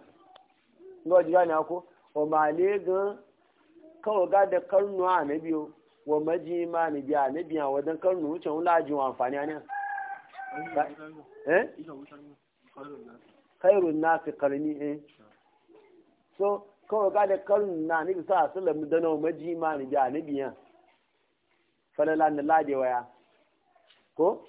ga ji gane ko wa ma ne ga kawai ga da karnu a na biyu wa maji ma ni biya na biya wajen karnu wucin wula ji wa amfani a nan eh? kairun na fi karni eh so kawai ga da karnu na ni bisa asalin dana wa maji ma ni biya na biya falala na ladewa ya ko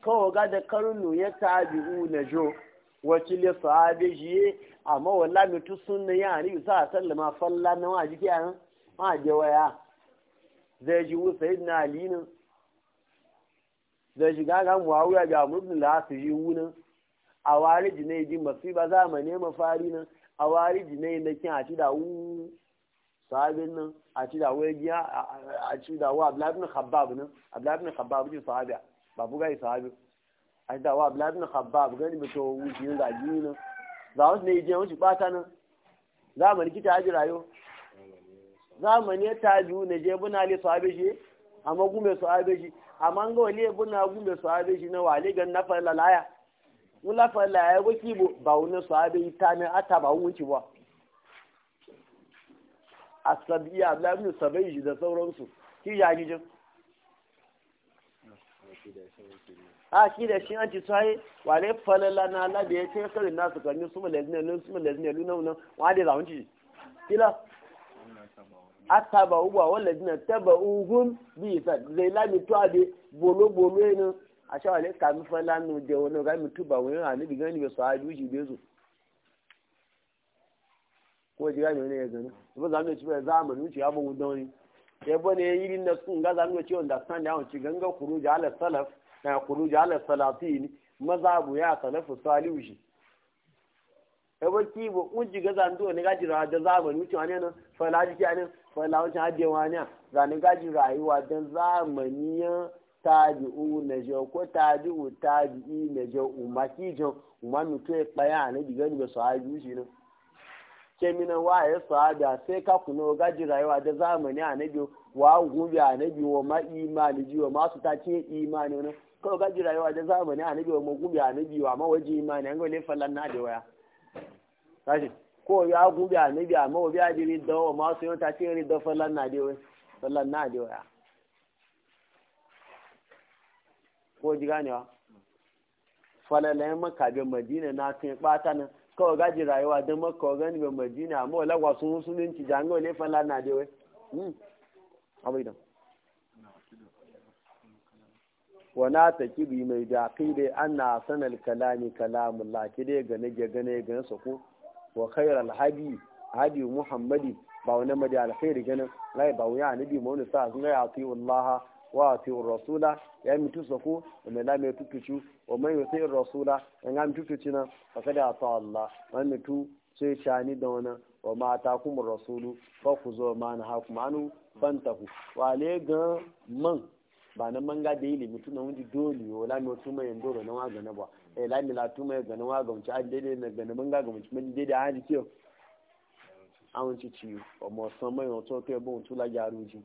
kawo da karnu ya tabi na jo wacce le sahabe jiye amma wala mutu sunna ya ni sa sallama falla na wa jike an ma je waya zai ji wu sayyidina ali alinin zai shiga ga muawiya ga murnin la su ji wu ne a wari jine ji ma nema fari ne a wari jine na kin a ci da wu sahabin nan a ci da wu a ci da wu abu labin khabbab nan abu labin khabbab ji sahabiya babu gai sahabi a da wa na bin abu gani mutum wuce da nan za wasu ne jiyan wuce bata nan zamani kita aji rayo zamani ta biyu na je buna le sahabi shi amma gume sahabi shi amma ga wale buna gume sahabi shi na wale gan na fara lalaya mun la fara lalaya ko ki ba wani sahabi ta ne ata ba wuce ba na abdullahi bin sabai da sauransu ki ya jin a ah, shi da shi an ci tsaye wale falala na labe ya ce na su karni su mu ne lun su mu ne lun nan wa da zawun ci kila ataba uwa wala jina taba uhum bi sa zai lami to ade bolo bolo ne a sha wale ka mi fala nu de wono ga mi tuba wani ani bi gani be so aju ji zo ko ji ga ne ne ga ne ba za mu ci ba za mu ci abun don ya bane ya yi na sun ga da ce understand ya wanci ganga kuruja ala salaf na eh, kuruja ala maza bu ya salafu salihu shi e ki bu unji gaza nuna ne gaji ra da zamani wuce wani yana fala jiki anan falawancin wuce wani ya zane gaji rayuwa don zamani ya tabi'u na jo ko tabi'u tabi'i na jo umaki jo umma mutu e ya kpaya ne diga ni ba sahabi shi nan kemina waye sahabi sai ka kuno gaji rayuwa da zamani a na biyu wa gobe annabi wa ma imani ji wa masu ta ce imani wani kawai gaji rayuwa da zamani annabi wa magobe wa ma waje imani an gole fallan na da waya tashi ko ya gobe annabi a ma wabi da wa masu yau ta ce da fallan na da waya fallan na da waya ko ji ganewa madina na nan kawai gaji rayuwa don gani madina wala wasu musulunci jangon hamida wana ta kibi mai da dai ana sanar kalami kalamun laki dai gane gane gane sako wa khairar alhabi hadi muhammadi ba wani madi alkhairi ganin lai ba wuya nabi mauni sa sun ga yati wallaha wa yati rasula ya mitu sako wa mai lamai tutucu wa mai yati rasula ya ga tutuci nan fa kada ta Allah wani mutu sai shani da wani wa mata kuma rasulu fa ku zo ma na hakumanu fantahu wale ga man ba na ga da ilimi tuna wani dole yo la mi tuma yin dole na waga na ba eh la mi la tuma ya gana waga mu ci an daidai na gana manga ga mu ci mun daidai hali kiyo an ci ci o mo san mai o to ke bon tula jaru ji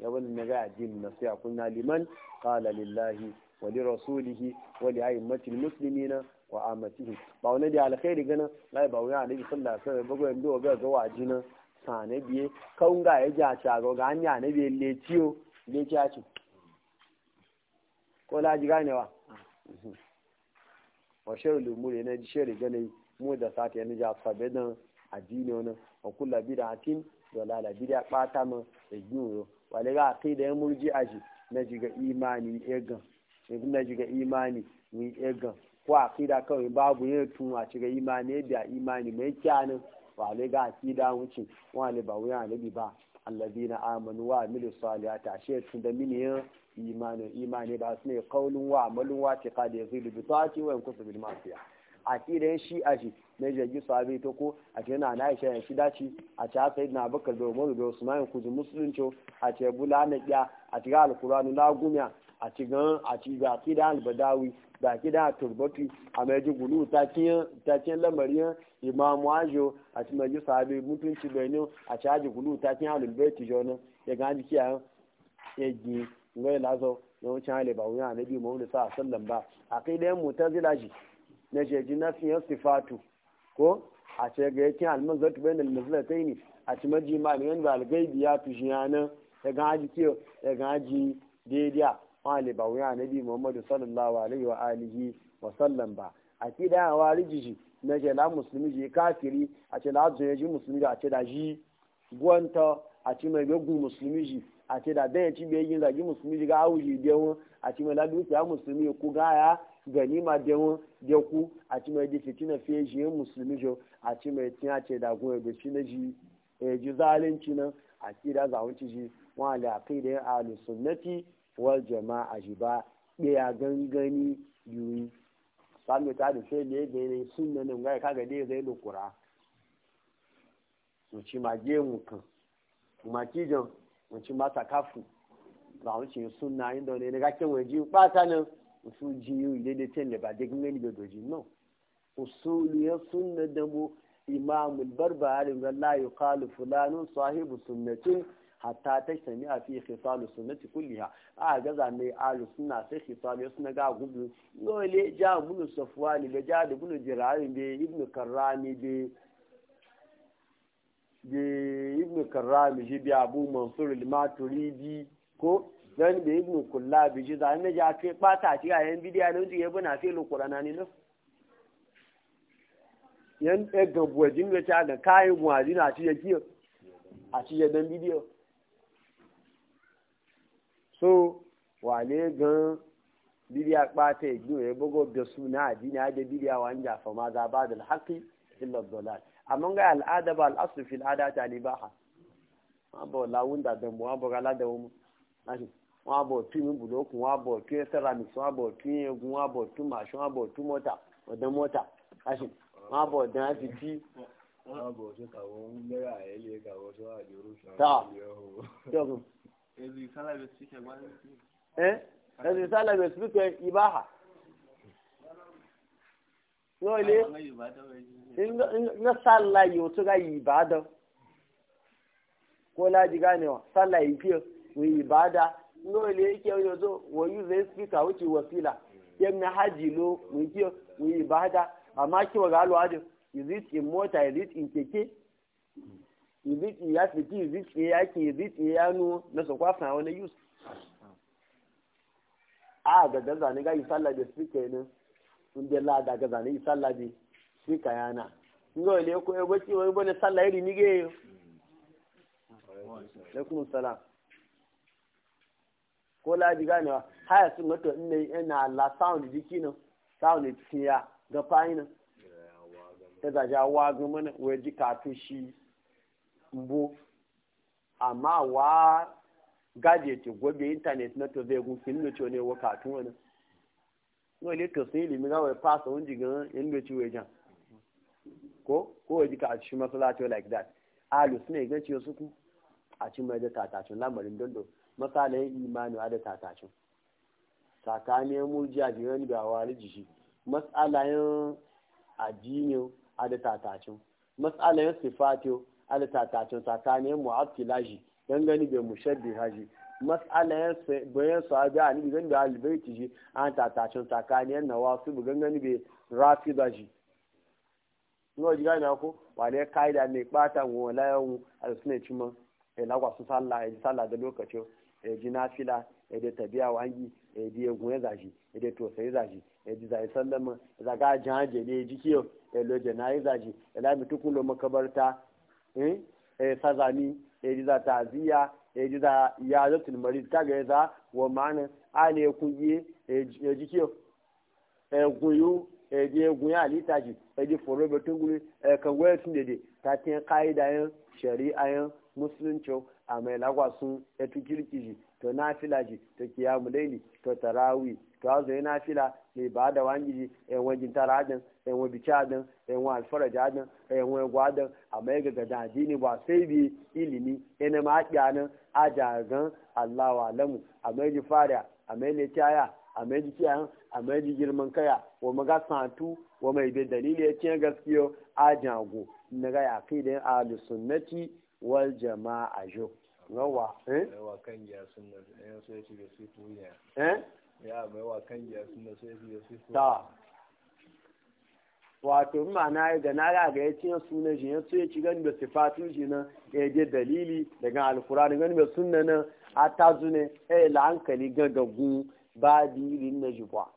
ya wani na ga addini na sai akun na liman qala lillahi wa li rasulihi wa li aimmatil muslimina wa amatihi ba wani da alkhairi gana lai ba wani alaihi sallallahu alaihi wasallam ba go yando ga ga wajina sane biye kawun ga ya ji a shago ga hanya na biye leciyo leciya ce ko laji ganewa wa mm-hmm. shirin lumuri na ji shirin ganayi mu da sata yana ji a fabe nan a dini wani a kula bida a tin da lala bida ɓata ma da yiwuwa wale ga kai da ya murji aji na ji ga imani egan na ji ga imani ni egan ko a kai da kawai babu yin tun a ci ga imani ya biya imani mai kyanin wale ga da wuce wale ba wuya nabi ba allazina amanu wa amilu salihati ashe tun da miniyan imanin imani ba su ne kaulun wa amalun wa tiqa da yazidu bi taati wa yankusu bil da akidan shi a shi ne jagi sahabi to ko a ce na na aisha shi dace a ce na bakar da umar da wasu mayan ji musulunci a ce na ya a ga alqur'anu na gumiya a ci gan a ci albadawi da ki da turbati a mai ji gulu ta cikin lamarin imamu ajo a ti mai sabi mutunci benin a ci aji gulu ta cikin alulbeti jonin ya ga jiki a yagi ngai lazo na wucin hali ba wuyan anabi mawuni sa sallan ba a kai da yan mutazila ji na jeji na fiye sifatu ko a ce ga yakin almanzatu bainal mazlataini a ci maji ma ne yan algaibi ya tujiya nan ya ga jiki ya ga ji daidai wani ba wuya nabi muhammadu sallallahu alaihi wa alihi wa sallam ba a ti da yawa rijiji na ce la musulmi ji kafiri a ce la zuwa ji musulmi da a ce da ji gwanta a ce mai gagu musulmi ji a ce da dan ya ci bai yin zagi musulmi ji ga auji bewon a ce mai laduki ya musulmi ku gaya ganima bewon de ku a ce mai difiti na fiye ji musulmi jo a ce mai tiya ce da gwa da shi na ji e ji zalunci nan a ce da zawunci ji wani da da yin alusunnati wal jama'a shi ba ɗaya gangani yiwu sami ta da sai da ya gani sun nan nan gaya kaga dai zai da kura mu ci ma je mu kan ma mu ci ba mu ci na inda ne ga kin waje ba ta nan su ji yi da da tele ba da gangani da doji no usulu ya sunna da mu imamul wallahi qalu fulanun sahibu sunnatin hatta ta sami a fi khisalu sunnati kulliha a ga zame yi sunna sai khisalu sunna ga gudu dole ja bunu safwani da ja da gudu jirari be ibnu karrami be be ibnu karrami ji bi abu mansur al-maturidi ko dan be ibnu kullabi ji da ne ja ke bata ci ga yan bidiya ne ji yabo na fi alqur'ana ne no yan e ga ta ga kayan buwajin a ci ya kiyo a ci ya dan bidiyo so wale gan bidiya kpata igbo ya bugo da suna addini ya da bidiya wanda fa ma za ba da alhaqi illa dalal amma ga al'ada ba al'asu fil adata libaha abo lawun da dan mu abo gala da mu wọn abọ tu mi bulo kun wọn abọ tu ceramics wọn abọ tu egun wọn tu machine wọn abọ tu mọta ọdẹ mọta ashi wọn abọ dan fi ti. wọn abọ tó kàwọn lẹ́yà ẹ̀ risala mai suke ibaha lóòlé na sálà yóò tó ga ìbádọ́ kó láti gane wa sálà ìpíọ̀ wọ ìbádá lóòlé ike yóò tó wọ yúzẹ̀ spíkà ó ti wasila yẹn na hajj ló wọ yi ibada amma wọ́n ga lọ́wọ́ is it in mota is it in keke ibiti ya fiti ibiti ya ke ibiti ya nu na su kwafa wani yus a ga gaza ne ga yi sallah da suke ne sun da la ga gaza ne yi sallah da suke yana ngo le ko e bati o bone sallah iri ni ge yo alaikum salam ko la diga ne haya sun mato ne ina la sound jiki no sound tiya ga fa'ina ta da ja wa ga mana waje ka shi. mbo amma wa gadget gobe internet na to zai gunkin ne ciwo ne wa katun wani no le to sai limi wai pass on jigan in da ciwo jan ko ko waje ka a cikin masallaci like that alu suna ga su ku a cikin mai da tatacin lamarin dondo misalin imani da tatacin tsakanin murjiya jiran ga wani jiki matsalayen ajiyo a da tatacin matsalayen sifatiyo alitatacin tsakanin mu shi don gani bai mushabbi haji mas'ala bayan sahabi a ni gan da albayti ji an tatacin tsakanin nawasu bu gan gani bai rafida shi ni ji gani ko wale kaida ne bata wo layan alsune cima e eh, lagwa su sallah e sallah da lokacin e eh, ji nafila e da tabiya wangi e di egun ya zaji e da to sai zaji e da zai sallama zaga janje ne jikiyo e lo janaiza ji e la mitukulo makabarta eh sazani eh ji za taziya eh ji za iyazatul marid kaga ya za wa ma'ana ale kuyi eh e, ji kiyo eh guyu eh ji egun ya alita ji e, ji foro betunguli eh kan waya sun dede ta tin kaida yin shari'a yin musulunci a mai lagwasun ya e, ta kirkiji to nafila ji to kiyamu laili to tarawi to azo nafila mai eh, ba da wangiji eh, yan gintara adin yan eh, bici adin yan alfaraji adin yan wani gwadin amma ya gaga da addini ba sai bi ilimi ina ma haƙiya nan a jagan allah wa alamu amma ji fara amma ya taya amma ya kiyaye amma ji girman kaya wa maga santu wa mai da dalili ya ce gaskiyo a jago na ga ya kai da ahlus sunnati wal jama'a jo rawa eh wa kan ya sunna eh sai ci ga su tuya eh ya mai wa kan giya sun da sai su ta wato na ga na ga ga yace sunan shi yace ya ci gani da sifatu shi na ya je dalili daga alkurani gani da sunna nan a ta zune eh la hankali gagu ba dirin na jibwa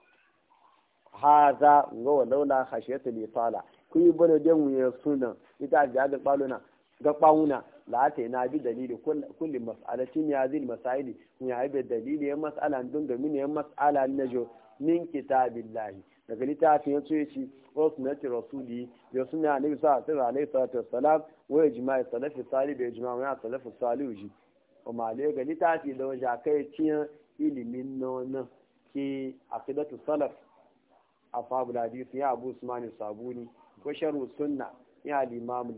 haza ga walaula khashiyatu li tala kuyi bana den wuya sunan ita ga ga kwaluna ga kwawuna la'ata na bi dalili kulli mas'alatin ya zil masaili mu ya bi dalili ya mas'ala dun da min ya mas'ala najo min kitabillahi daga littafin ya ce shi wa sunnati rasuli da sunna annabi sallallahu alaihi wasallam wa ijma'i salafi salih da ijma'u ya salafu o ma le ga littafi da wajen kai ciyan ilimin nona ke aqidatu salaf a fabula hadisi ya abu usmanin sabuni ko sharu sunna ya al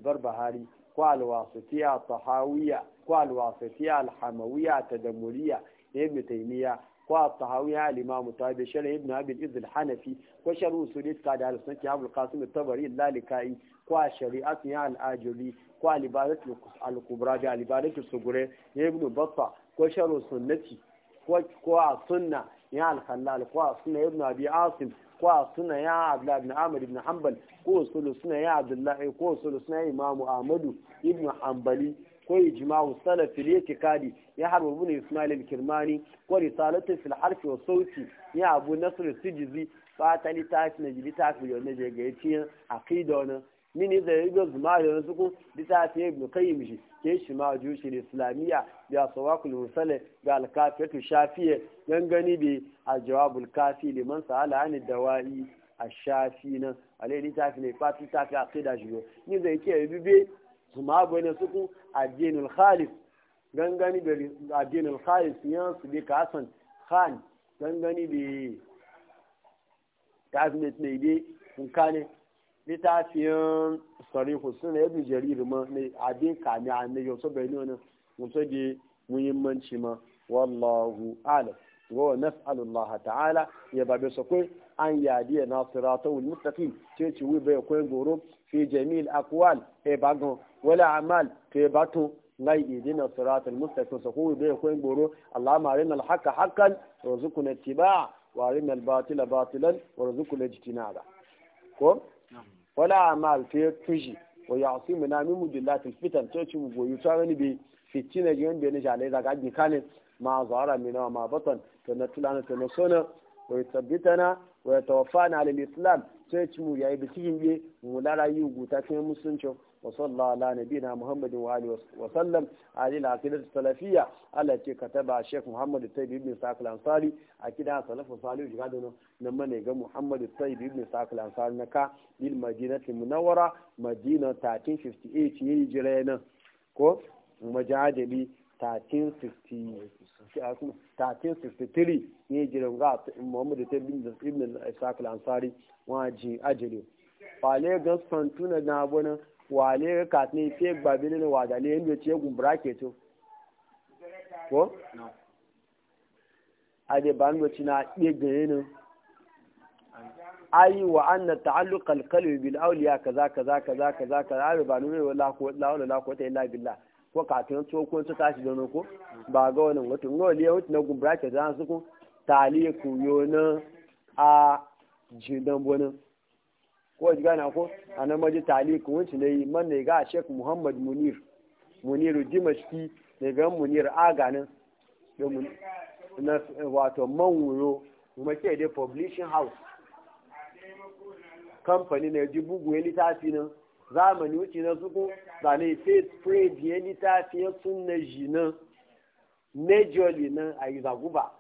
barbahari قال واسطية طحاوية قال واسطية الحموية تدمرية ابن تيمية قال طحاوية الإمام الطيب شر ابن أبي الإذ الحنفي وشر أصولي قال على سنة عبد القاسم الطبري اللالكائي قال شريعة الآجري قال عبادة الكبرى قال عبادة الصغرى ابن بطة وشر سنتي قال سنة يا الخلال قال سنة ابن أبي عاصم ko suna ya abdullahi ibn amr ibn hanbal ko sulu suna ya abdullahi ko sulu suna imamu ahmadu ibn hanbali ko ijma'u salafil yake kadi ya harba ibn ismail al kirmani ko risalatu fil harf wa sauti ya abu nasr sijizi ta litafi na jidi tafi yo ne je ga yace aqida na mini da yugo zuma da suku litafi ibn qayyim shi ke shi ma jushi islamiyya da sawakul musale ga alkafiyatu shafiye gani bi a jawabul kafi liman sa'ala ani dawa'i a shafi nan alai ni tafi ne fati tafi a kai da shigo ni zai ke bibe kuma ma abu ne suku addinul khalif gani bi addinul khalif yan su bi kasan khan gani bi tafi ne ne dai kun kane littafin sarihu suna yadda jarir ma ne abin kami a ne yau saboda ne wani mutu da muhimmanci ma wallahu alam wa allah ta'ala ya babe su kai an yadi ya sirata wal mustaqim ce ci wi bai koyin goro fi jamil aqwal e bagon wala amal ke bato ngai idina al mustaqim su kuwi bai koyin goro ma arina al haqa haqqan zukuna ittiba wa arina al batila batilan zukuna ijtinaba ko wala amal fi tuji wa ya'simu na min mudillatil fitan to ci mu goyi ta wani bi fitina ji wanda ne jale daga bi kanin ma zara minawa ma batan to na tulana to na sona wa yatabbitana wa tawfana al islam to ci mu yayi bisikin bi mu lara yi guta وصلى على نبينا محمد وآله وسلم على العقيدة السلفية التي كتبها الشيخ محمد الطيب بن ساق الأنصاري عقيدة سلف صالح وجهادنا لما نجا محمد الطيب بن ساق الأنصاري نكا للمدينة المنورة مدينة 1358 هجرينا كو مجادلي 1363 ne jiran ga muhammadu ta ibn al-isaac al-ansari wajen ajiyar fale wale ka ne fe babili ne yadda ce gun bracket ko a da ba nwa na ɗe gane ne ayi wa an na ta'alluka alkalbi bil auliya kaza kaza kaza kaza kaza ba nuna wa la'ula ta illa billah ko kafin tsokon su tashi da ko ba ga wani wato ga wali yawon na gun bracket za su kun taliya kuyo na a jidan bonin ko ji gane ko a nan maji taliku wunci ne yi man ne ga shek muhammad munir muniru dimashki ne ga munir aganin na wato man wuro kuma ke da publishing house kamfani na ji bugu ya littafi nan zamani wuce na suku zane faith spread ya litafi ya sun ji nan majorly nan a yi zaguba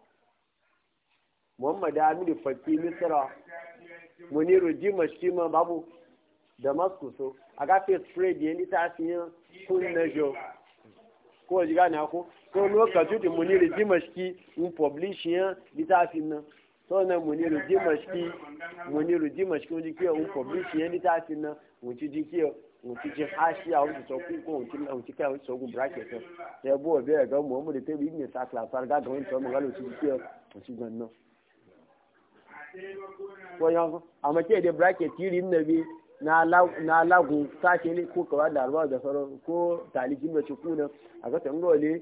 muhammad aminu fakki misra muniru shi ma babu damascus aga fe trade yen ita na jo ko ji gane ko ko lokacin da muniru dimashki in publish yen ita fiyan sọ́nà mùnirù muniru mùnirù shi wọ́n ti kí ọ̀hún pọ̀blíṣì yẹn níta sí ná wọ́n ti di kí wọ́n ti di aṣí àwọn ti sọ fún kó wọ́n ti ká wọ́n ti sọ ogun bracket ẹ̀ bọ́ ọ̀bẹ ẹ̀gá mọ̀ọ́mọ́dé tẹ́lẹ̀ ìgbìyànjú àkàlà àfárá gágà class ti ga ga gálò so di kí wọ́n ti ko yanzu amma ke da bracket tiri na bi na lagun sashe ne ko kawai da albawa da sauran ko talikin da ciku na a ga tangole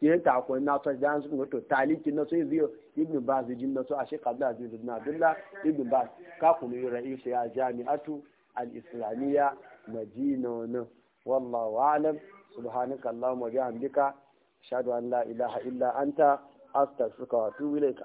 ke ta akwai na ta da su to talikin na sai ziyo ibn baz jin na so a shi da aziz ibn abdullah ibn baz ka kuma yi ra'is ya jami'atu al-islamiyya madina na wallahu a'lam subhanaka allahumma wa bihamdika ashhadu an la ilaha illa anta astaghfiruka wa atubu ilayka